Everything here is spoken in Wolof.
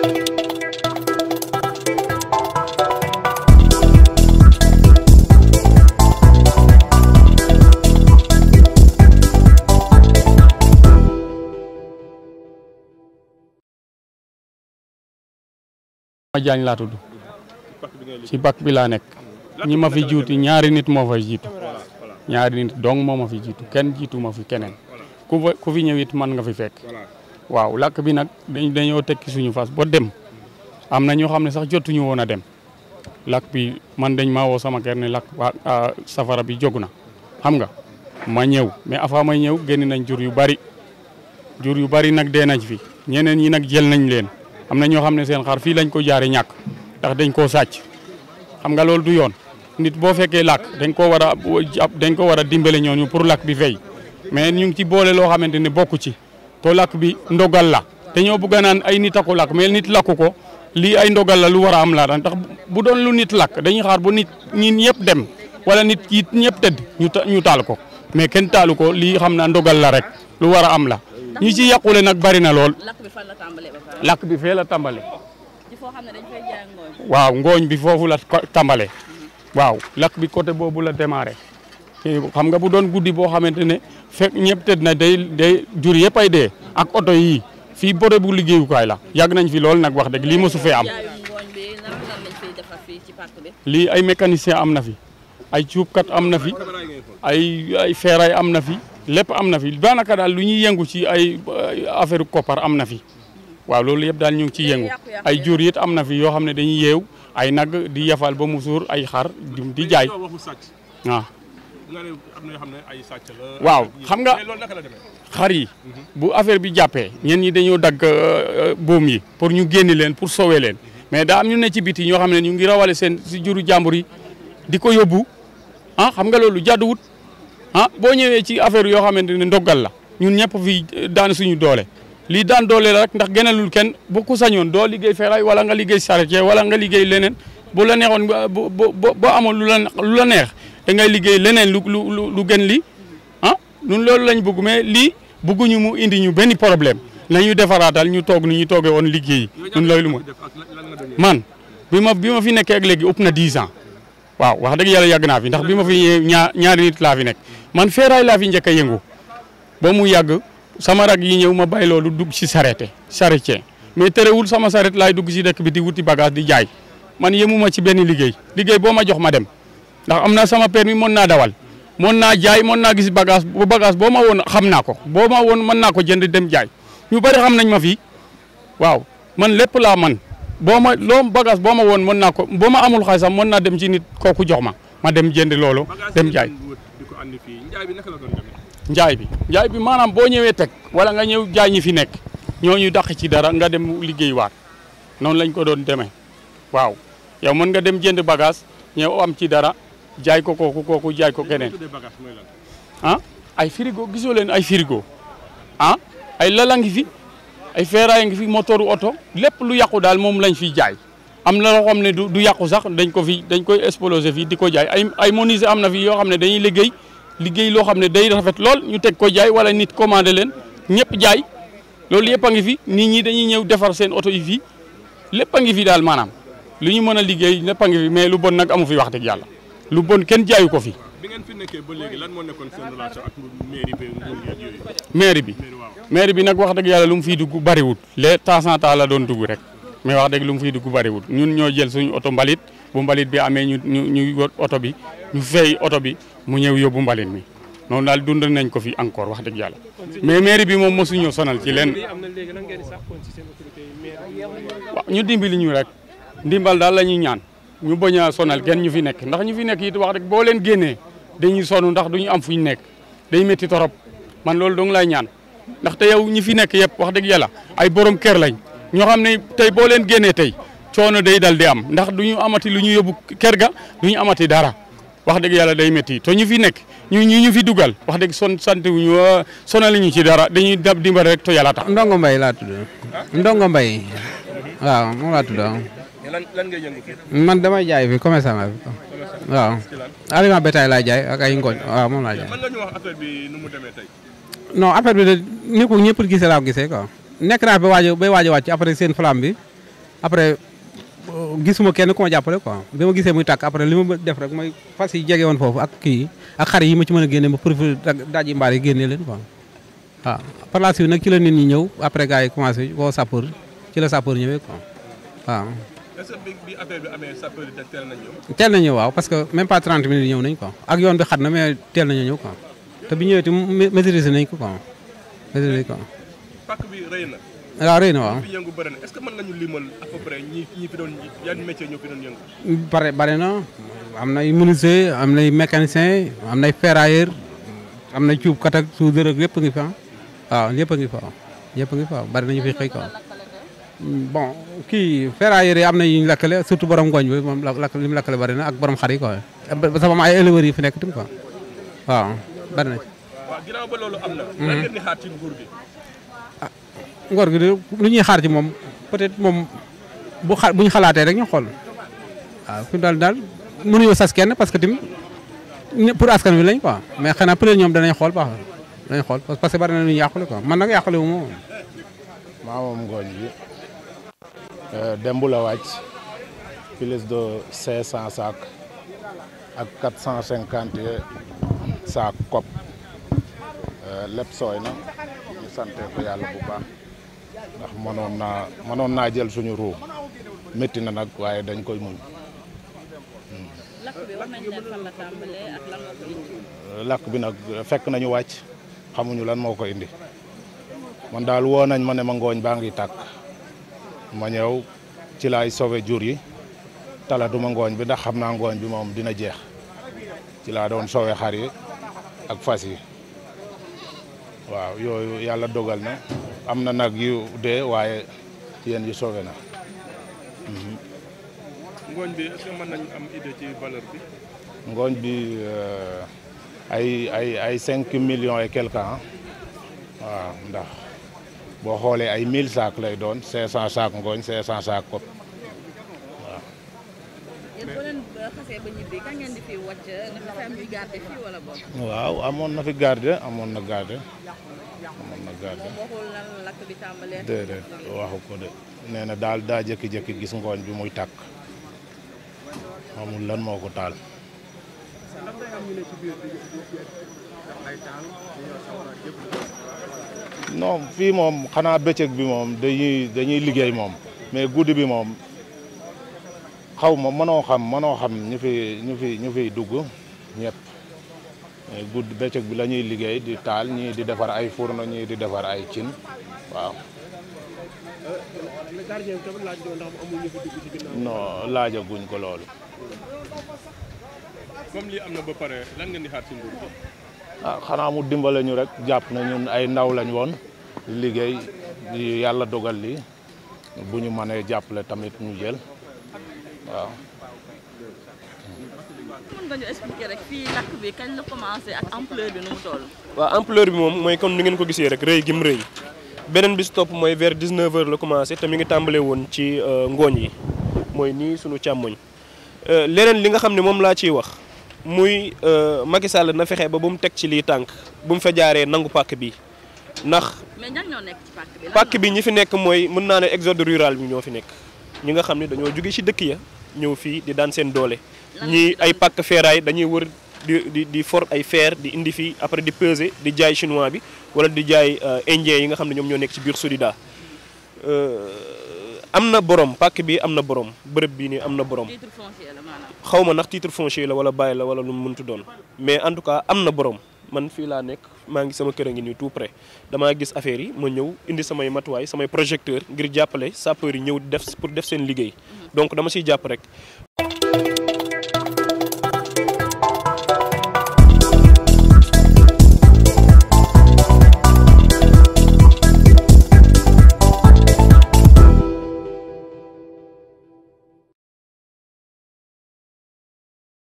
ma jaañ laa tudd ci bakk bi laa nekk ñi ma fi jiitu ñaari nit moo fay jiitu ñaari nit dong moo ma fi jiitu kenn jiitu ma fi keneen ku fi ñëw man nga fi fekk waaw làkk bi nag dañ dañoo tekki suñu fas ba dem am na ñoo xam ne sax jotuñu woon a dem lakk bi man dañ maa woo sama kër ne lakk waa safara bi jóg na xam nga ma ñëw mais avant may ñëw génn nañ jur yu bari jur yu bari nag dee nañ fi ñeneen ñi nag jël nañ leen am na ñoo xam ne seen xar fii lañ ko jaare ñàkk ndax dañ koo sàcc xam nga loolu du yoon nit boo fekkee làkk dañ koo war a dañ ko war a dimbale ñooñu pour làkk bi fay mais ñu ngi ci boole loo xamante ne bokku ci to lakk bi ndogal la te ñoo bëgg naan ay nit a ko lakk mais nit lakku ko lii ay ndogal la lu war a am laa daan ndax bu doon lu nit lakk dañuy xaar bu nit ñi ñëpp dem wala nit it ñëpp tëdd ñu taal ko mais kenn taalu ko lii xam na ndogal la rek lu war a am la ñi ci yàqule nag bari na lool. lakk bi fee la tàmbale waaw ngooñ bi foofu la tàmbale waaw lakk bi côté boobu la démarré xam nga bu guddi boo xamante ne. fekk ñëpp tëdd na day day jur yëpp ay dee ak oto yi fii bërëb bu liggéeyukaay la yàgg nañ fi lool nag wax dëgg lii mosu fee am. lii ay mécanicien am na fi ay cuubkat am na fi ay ay feeraay am na fi lépp am na fi daanaka daal lu ñuy yëngu ci ay affaire koppar am na fi waaw loolu yëpp daal ñu ngi ciy yëngu ay jur it am na fi yoo xam ne dañuy yeew ay nag di yafal ba mu suur ay xar di jaay waaw waaw xam nga xar yi bu affaire bi jàppee ñen ñi dañoo dagg euh, boom yi pour ñu génni leen pour sowe leen mais daa am ñu ne ci biti ñoo xam ne ñu ngi rawale seen si juru jàmbur yi di ko yóbbu ah xam nga loolu jàdduwut ah boo ñëwee ci affaire yoo xamante ne ndogal la ñun ñëpp fi daan suñu doole li daan doole la rek ndax gënalul kenn bu ku sañoon doo liggéey feray wala nga liggéey charretier wala nga liggéey leneen boo la neexoon ba amoon lu la neex da ngay liggéey leneen lu lu lu lu gën li ah ñun loolu lañ bëgg mais lii bëgguñu mu indi ñu benn problème la ñu defaraatal ñu toog ni ñu toogee woon liggéey ñun loolu mooy man bi ma bi fi nekkee ak léegi ëpp na 10 ans waaw wax dëgg yàlla yàgg naa fi ndax bi ma fi ñaar ñaari nit laa fi nekk man feeraay laa fi njëkk a yëngu ba mu yàgg sama rag yi ñëw ma bàyyi loolu dugg si sareete saretien mais terewul sama saret laay dugg si dëkk bi di wuti bagage di jaay man yemuma ci benn liggéey liggéey boo ma jox ma dem ndax am naa sama permis mën naa dawal mën naa jaay mën naa gis bagage bu boo ma woon xam naa ko boo ma woon mën naa ko jënd dem jaay ñu bari xam nañ ma fi waaw man lépp laa man boo ma loo bagage boo ma woon mën naa ko boo ma amul xaalis sax mën naa dem ci nit kooku jox ma ma dem jënd loolo dem jaay njaay bi njaay bi maanaam boo ñëwee teg wala nga ñëw jaay ñi fi nekk ñooñu dàq ci dara nga dem liggéey waat noonu lañ ko doon demee waaw yow mën nga dem jënd bagage ñëw am ci dara jaay ko kooku kooku jaay ko keneen ah ay firigo gisoo leen ay frigo ah ay lala ngi fi ay feeraay ngi fi motoru oto lépp lu yàqu daal moom lañ fiy jaay am na loo xam ne du du yàqu sax dañ ko fi dañ koy exposé fii di ko jaay ay ay menuisier am na fi yoo xam ne dañuy liggéey liggéey loo xam ne day rafet lool ñu teg ko jaay wala nit commandé leen ñëpp jaay loolu yëpp a ngi fi nit ñi dañuy ñëw defar seen oto yi fii lépp a ngi fi daal maanaam lu ñu mën a liggéey lépp a fi mais lu bon nag amu fi wax dëgg yàlla lu bon kenn jaayu ko fi. lan moo nekkoon seen relation mairie bi mairie bi bi nag wax dëgg yàlla lu mu fiy duggu bariwut les temps en la doon dugg rek mais wax dëgg lu mu fiy dugg bariwut ñun ñoo jël suñu oto mbalit bu mbalit bi amee ñu ñu ñu oto bi ñu fay oto bi mu ñëw yóbbu mbalit mi noonu daal dund nañ ko fi encore wax dëgg yàlla mais mairie bi moom mosuñu sonal ci leen waaw ñu dimbali ñu rek ndimbal daal la ñuy ñaan. ñu bañ sonal kenn ñu fi nekk ndax ñu fi nekk it wax rek boo leen génnee dañuy sonn ndax ñu am fu ñu nekk day métti torop man loolu dong laay ñaan ndax te yow ñu fi nekk yëpp wax dëgg yàlla ay borom kër lañ ñoo xam ne tey boo leen génnee tey coono day dal di am ndax du ñu amati lu ñu yóbbu kër ga du ñu amati dara wax dëgg yàlla day métti to ñu fi nekk ñu ñu ñu fi dugal wax dëgg son sant wu ñu sonal ñu ci dara dañuy dab dimbal rek to yàlla tax. Ndongo Mbaye laa tudd Ndongo Mbaye lan lan ngay yëngu fii. man damay jaay fii commerçant la. waaw aliment bétail laay jaay ak ay ngooñ waaw moom laay jaay. mën nga ñu wax affaire bi nu mu demee tey. non affaire bi de ni ko ñëpp gisee laa ko gisee quoi. nekk naa ba waaj a ba waaj a wàcc après seen flamme bi après euh, gisuma kenn ku ma jàppale quoi bi ma gisee muy tàkk après li ma def rek mooy fas yi jege woon foofu ak kii ak xar yi ma ci mën a génne ma profil daji mbaar yi génne leen quoi. waaw par la suite nag ci la nit ñi ñëw après gars yi commencé woo sapeur ci la sapeur ñëwee quoi waaw. est-ce teel nañ ñëw. waaw parce que même pas 30 minutes ñëw nañ ko ak yoon bi xat na mais teel nañu ñëw quoi te bi ñëwee tamit maîtriser nañ ko quoi maîtriser ko. pàcc bi na. waaw ah, rëy na waaw. fi yëngu que mën nañu limal à ñi ñi fi doon yan métier ñoo fi doon yëngu. bare bare na am nay menuisier am nay mécanicien am nay ferrailleur am na cuubkat ak soudeur ak lépp ngi fa ah. waaw lépp a ngi fa waaw lépp a ngi fa waaw bari nañu fi xëy quoi. bon kii ferrailleur yére am na yu ñu lakkale surtout borom ngooñ bi moom lakk li mu lakkale bari na ak borom xar yi quoi ba ay éleveurs yi fi nekk tim quoi waaw bari na am na. Mhm. lan gi. ah ñuy xaar ci moom peut-être moom bu xa bu ñu xalaatee rek ñu xool waaw fi mu daal daal mënuñoo sas kenn parce que tim pour askan wi lañ quoi mais xanaa peut ñoom danañ xool baax danañ xool parce que bari na lu ñu yàqule quoi man nag yàqule wu ma. moom Euh, démb la wàcc plus de cinq cent saak ak quatre cent cinquante saak kopp euh, lépp sooy na ñu sante ko yàlla bu baax ndax mënoon naa mënoon naa jël suñu ruu métti na nag waaye dañ koy muñ. Hmm. Euh, lakk bi nag fekk nañu wàcc xamuñu lan moo ko indi man daal woo nañ ma ne ma ngooñ baa ngi tàkk. ma ñëw ci lay soowe jur yi talatuma ngooñ bi ndax xam naa ngooñ bi moom dina jeex ci laa doon soowe xar yi ak fas yi waaw yooyu yàlla dogal na am na nag yu dee waaye yéen yu sauver na. Mhm. ngooñ bi bi. ngooñ euh, ay ay ay cinq millions et quelque ans waaw ndax. boo xoolee ay 1000 saak lay doon 500 saak ngooñ 500 saak kopp waaw. amoon na fi garde amoon na garde amoon na garde déedéet waxu ko de nee daal daa jékki-jékki gis ngooñ bi muy tàkk xamul lan moo ko taal. non fii moom xanaa bëccëg bi moom dañuy dañuy liggéey moom mais guddi bi moom xaw ma mënoo xam mënoo xam ñu fi ñu fi ñu fiy dugg ñëpp mais guddi bëccëg bi la ñuy liggéey di taal ñii di defar ay fourneau ñii di defar ay cin waaw. non laajaguñ ko loolu. comme lii am na ba pare lan ah xanaa mu dimbale ñu rek jàpp na ay ndaw lañ woon liggéey yàlla dogal li bu ñu mënee jàppale tamit ñu jël waaw. mën nga bi kañ la ampleur bi nu mu toll. waaw ampleur bi moom mooy comme ni ngeen ko gisee rek rëy gi mu rëy beneen bis topp mooy vers 19h la commencé te mi ngi tàmbalee woon ci euh, ngooñ yi mooy nii sunu càmmoñ euh, leneen li nga xam ne moom laa ciy wax. muy euh, Macky Sall na fexe ba bu mu teg ci lii tànk bu mu fa jaaree nangu pàkk bi ndax. mais bi. pàkk ñi fi nekk mooy mën naa ne exode rural bi ñoo fi nekk ñi nga xam ne dañoo jóge ci dëkk ya ñëw fii di daan seen doole. ñii ay pàkk feeraay dañuy wër di di di for ay fer di indi fii après di peser di jaay chinois bi wala di jaay euh, indien yi nga xam ne ñoom ñoo nekk ci biir Sodida. Euh, am na borom pàkk bi am na borom bërëb bii nii am na borom xaw ma ndax titre foncier la wala bàyyi la wala lu mu mëntu doon mais en tout cas am na borom man fii laa nekk maa ngi sama kër a ngi nii tout près damaa gis affaire yi ma ñëw indi samay matuwaay samay projecteur ngir jàppale sapeur yi ñëw def pour def seen liggéey mhm. donc dama siy jàpp rek